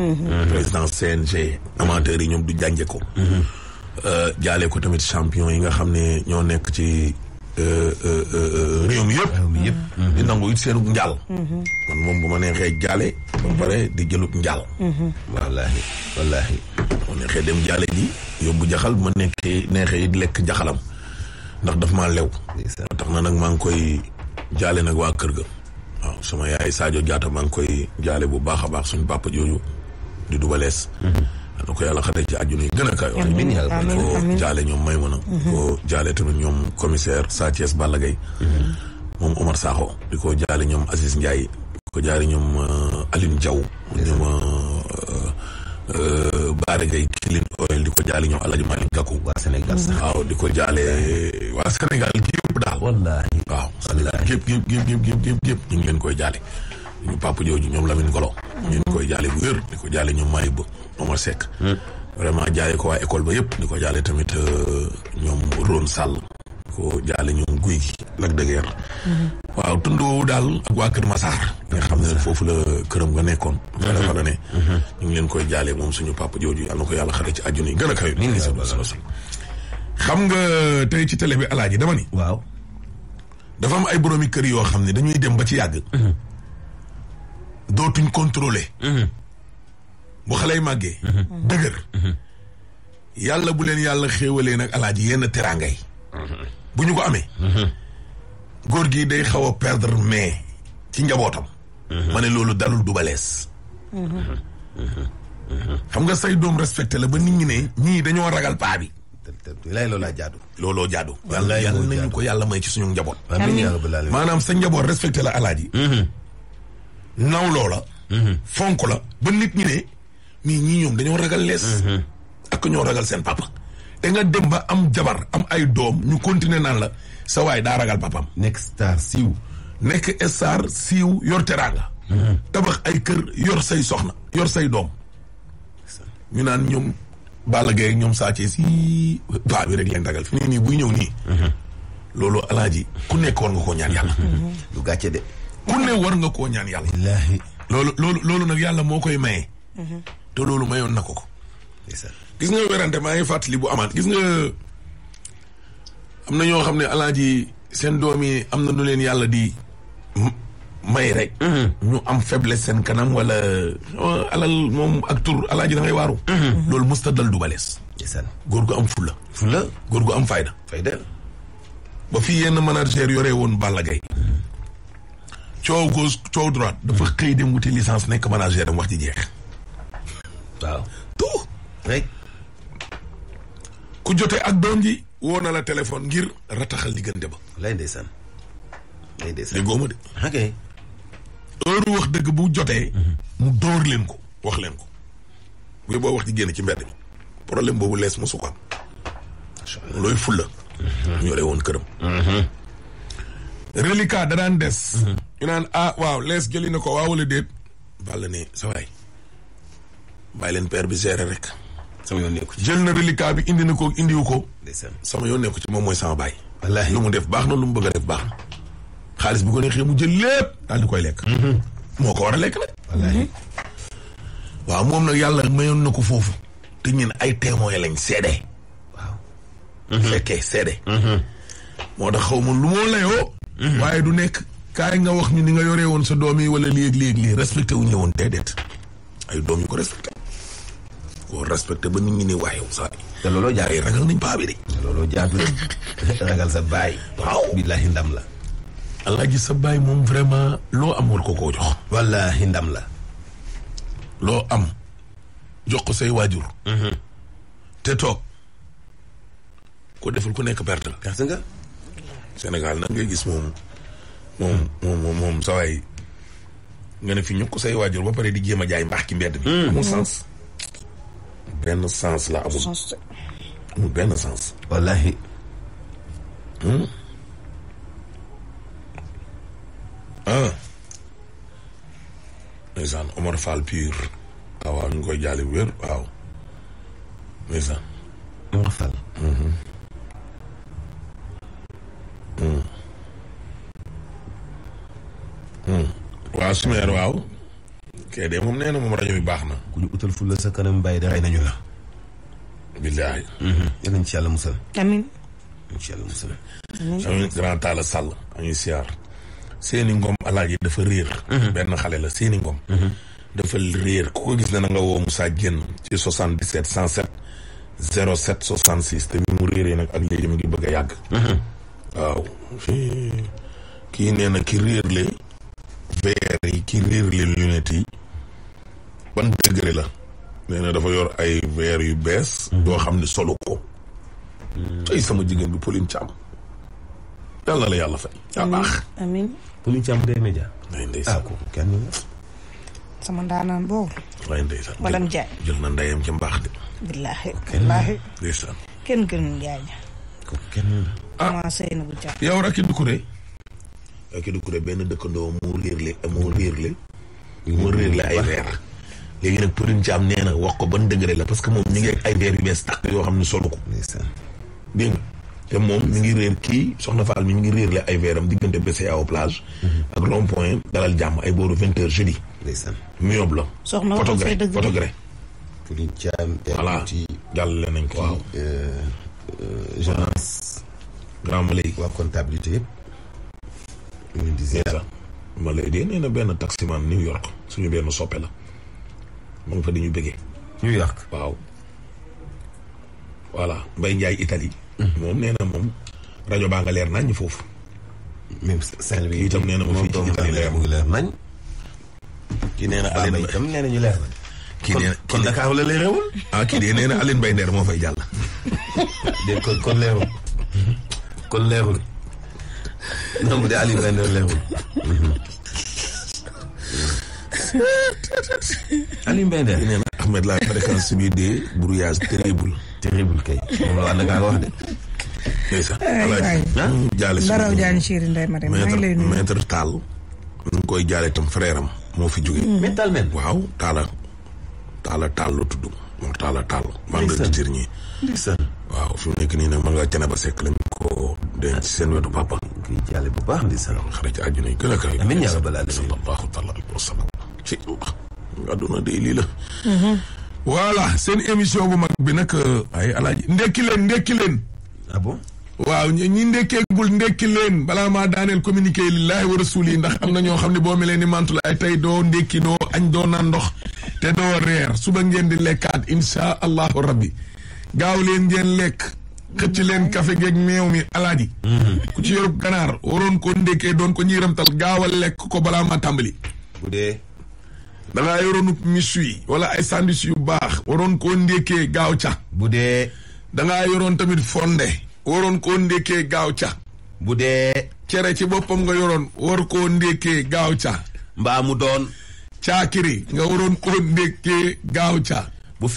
Mm-hmm. président CNG amateurs yi ñoom du jànje ko mm-hmm. euh, jaale ko tamit champion yi nga xam ne ñoo nekk ci euh, euh, réew mi yëpp mm-hmm. di nangu it seenug njaal man moom bu ma neexee jaale ba pare di jëlug njaal wallaahi wallaahi bu ma neexee dem jaale ji yóbbu jaxal ma nekkee neexee lekk jaxalam ndax daf maa lew tax na nag maa ngi koy jaale nag waa kër ga waaw sama yaay Sadio Diatta maa ngi koy jaale bu baax a baax suñu papa jooju di Double Less da ko yàlla xaree ci àjjana yi gën a kaayoo ko jaale ñoom Maymuna ko jaale tamit ñoom commissaire Sa Thiès Balla Gaye moom Omar Sakho di ko jaale ñoom Aziz Ndiaye di ko jaale ñoom Aline Diaw ñoom Baare Gaye Kilin ko jaale ñoom Alaaji Malick Gakou waa Sénégal waaw di ko jaale waa Sénégal gi yëpp daal wallaahi waaw gépp gépp ñu ngi leen koy jaale ñu jooju ñoom Lamine Golo ñu koy jaale bu wér di ko jaale ñoom maay ba Omar Seck hmm. vraiment jaale ko waa école ba yëpp di ko jaale tamit euh, ñoom Ron Sall ko jaale ñoom guy gi lak dëggeer hmm. waaw tund woowu daal ak waa Kër Massar nga xam ne foofu la këram nga nekkoon hmm. fara fara ne ñu ngi leen koy jaale moom suñu papa jooju yàlla na ko yàlla xare ci àjjana yi gën a kawe sa xam nga tey ci télé bi alaaji dama ni waaw dafa am ay boroomi kër yoo xam ne dañuy dem ba ci yàgg dootuñ contrôler mhm. bu xale yi màggee mhm. Mhm. dëgër yàlla bu leen yàlla xéewalee nag alaaji yenn teraanga yi bu ñu ko amee góor gi day xaw a perdre mais ci njabootam ma ne loolu dalul du balees xam nga say doom respecté la ba nit ñi ne ñii dañoo ragal paa bi lay loolaa jaadu looloo jaadu yàlla nañu ko yàlla may ci suñu njaboot maanaam sa njaboot respecté la alaaji nawloo la. Mhm. fonk la ba nit ñi ne mais ñii ñoom dañoo ragal lees. Mhm. ak ñoo ragal seen papa. te nga dem ba am jabar am ay doom ñu continuer naan la sa waay daa ragal papam nekk star siiw. nekk star siiw yor teraanga. Mhm. tabax ay kër yor say soxna. yor say doom. ñu naan ñoom Balla Gaye ñoom Sa Thiès si baa bi rek leen ragal fi nii nii buy ñëw nii. loolu yi ku nekk war nga koo ñaan yàlla. du gàcce de. ku ne war nga koo ñaan yàlla. loolu loolu loolu nag yàlla moo koy maye. Mhm. te loolu mayoon na ko ko. gis nga werante maa ngi fàttali bu amaat gis nga am na ñoo xam ne alaaji seen doom yi am na nu leen yàlla di may rek. Mhm. ñu am faiblesse seen kanam wala ah, alal moom ak tur alaaji da ngay waaru. Mhm. loolu musta dal du balees. góor gu am fulla. fulla góor gu am fayda. fayda ba fii na manager yore woon Balla Gaye coow gauche coow droite. dafa xëy dem wuti licence nekk manager am wax ji jeex. waaw ku jote ak doom ji woo na la téléphone ngir rataxal diggante ba. lay ndeysaan lay ndeysaan déggoo ma de. ok. wax dëgg bu jotee. Mhm. mu dóor leen ko wax leen ko. bu boo wax ji génn ci mbedd mi. problème boobu lees mosu ko looy fulla. Mhm. ñore woon këram. reliquat da daan des. Mhm. ñu naan ah waaw lees jëli na ko waaw wala déet. Balla ne sa waay leen père bi gérer rek. sama yoon nekku ci jël bi indi na ko indiwu ko. sama yoon nekku ci moom mooy sama baay. wallaahi lu mu def baax na lu mu bëgg a def baax na. xaalis bu ko neexee mu jël lépp daal di koy lekk. Mhm. moo ko war a lekk nag. waaw moom nag yàlla mayoon na ko foofu. te ñun ay témoin lañ seede. waaw. fekkee seede. Mhm. moo tax xaw ma lu moo layoo. Mhm. waaye du nekk kaay nga wax ñu ni nga yoree woon sa doom yi wala léegi-léegi lii respecté wu ñu woon déedéet ay doom yu ko respecté ko respecté ba nit ñi ni waaye wu saa te looloo jaay ragal nañ paa bi looloo jaadu ragal sa baay. waaw billaahi ndam la. gis sa baay moom vraiment loo am war ko koo jox. wallaahi ndam la. loo am jox ko say waajur. Mhm. te toog ko deful ku nekk perte la. nga. senegal nag ngay gis moom moom moom moom nga ne fi ñu ko say waajur ba pare di jéem a jaay mbaax ki mbedd bi hmm. amul sens benn sens la amul benn sens wallahi hmm. ah ndeysaan Omar Fall pur waaw ah, waaw ñu ngi koy jaale wér waaw ndeysaan Omar Fall waaw sumeer waaw. kay de moom nee na moom rajo bi baax na. ku ñu utal fula sa kanam bàyyi de rey nañu la. billahi. Mhm. yal nañu ci yàlla musal. amiin. incha allah a amiin grand Talla Sall. añuy siyaar. seeni ngom alaaji dafa réer. Mhm. benn xale la seeni ngoom mhm. dafa réer ku gis na nga woo Moussa Dieng ci 77 107 07 66 te bi mu réeree nag ak léegi mu ngi bëgg yàgg. waaw. kii nee ki réer le lire les lunettes yi ban na dafa yor ay yu bees mhm. yoo xam ne solo ko mm. sama jigéen bi Pauline Thiam yàlla na la yàlla fay yaa baax amiin Pauline Thiam day média day ndeysaan ah, ko kenn sama ndaanaan boobu waaye ndeysaan walam jaay yow rakki du kuré rakki du kuré benn dëkkandoo mu liir le yu ma réer la ay verre léegi nag Purine Thiam nee na wax ko ban degré la parce que moom ñu ngi ak ay verre bees tàq yoo xam ne solo ko dégg nga te moom mi ngi réer kii soxna Fall mi ngi réer la ay veeram diggante BCA au plage mhm. ak rond point dalal jàmm ay booru vingt heures jeudi mu yóbbu la photogré photogré Purine Thiam voilà jàll nañ ko waaw gérance euh, euh, grand ma ko waa comptabilité yëpp ma lay dee nee na benn taximan New York suñu benn soppe la mu fa di ñu bëggee. New York waaw. voilà Mbaye Ndiaye Italie. Mm-hmm. moom nee moom rajo baa nga leer naññ foofu. même Sall bi itam nee na ma fii ci leer nañ. kii na Aline Mbaye nañ. kii nee na kon Dakar la leerewul. ah kii de nee na Aline moo fay jàll. dégg kon kon leerul. Mm-hmm. kon leerul. non bu dee Aline Mbaye leerul. Mm-hmm. Aliou Mbende nee na Ahmed la fréquence subie des brouillages terrible terrible kay moom la ànd ngaa wax de ah, jaale daraw jaani chéri nday ma dem maa ngi lay nuyu maître Tall ñu ngi koy jaale itam frère am moo fi jógee mm-hmm. mais Tall men waaw Talla Talla Tall la tudd moom Talla Tall maa ngi di dernier waaw fi mu nekk nii nag ma nga cene ba sekk lañ ko denc seen wetu papa. kii jaale bu baax di salaam xarit àjjuna yi a kawe. amiin yaa rabbal aalamiin sallallahu taala alayhi wa ci wax àdduna day la seen émission bu mag bi nag euh, ay alaaji ndekki leen ndekki leen ah waaw ñi ndekkeegul ndekki leen balaa maa daaneel communiqué lillahi wa rasul ndax am na ñoo xam ne boo melee ni mantul ay tey doo ndekki doo añ doo naan ndox te doo reer suba ngeen di lekkaat insha allahu rabbi gaaw leen ngeen lekk xëcc leen café geeg meew mi alaaji mm-hmm. ku ci yorub ganaar waroon ko ndékkee doon ko ñiiramtal gaawal lekk ko balaa maa tàmbali dangaa yoroonu michu yi wala ay sandwich baax waroon koo ndékkee gaaw ca bu dee dangaa yoroon tamit fonde waroon koo ndékkee gaaw ca bu dee cere ci boppam nga yoroon war koo ndékkee gaaw ca mbaa mu doon caakiri nga waroon koo ndékkee gaaw ca